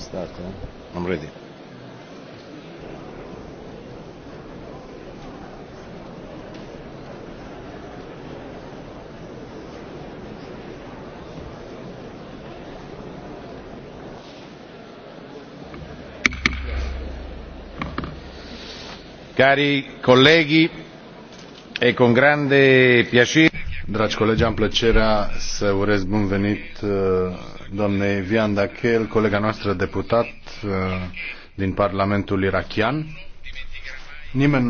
start, eh? I'm ready. Cari colleghi, è con grande piacere Dragi colegi, am plăcerea să urez bun venit uh, doamnei Vian Dachel, colega noastră deputat uh, din Parlamentul irachian. Nimeni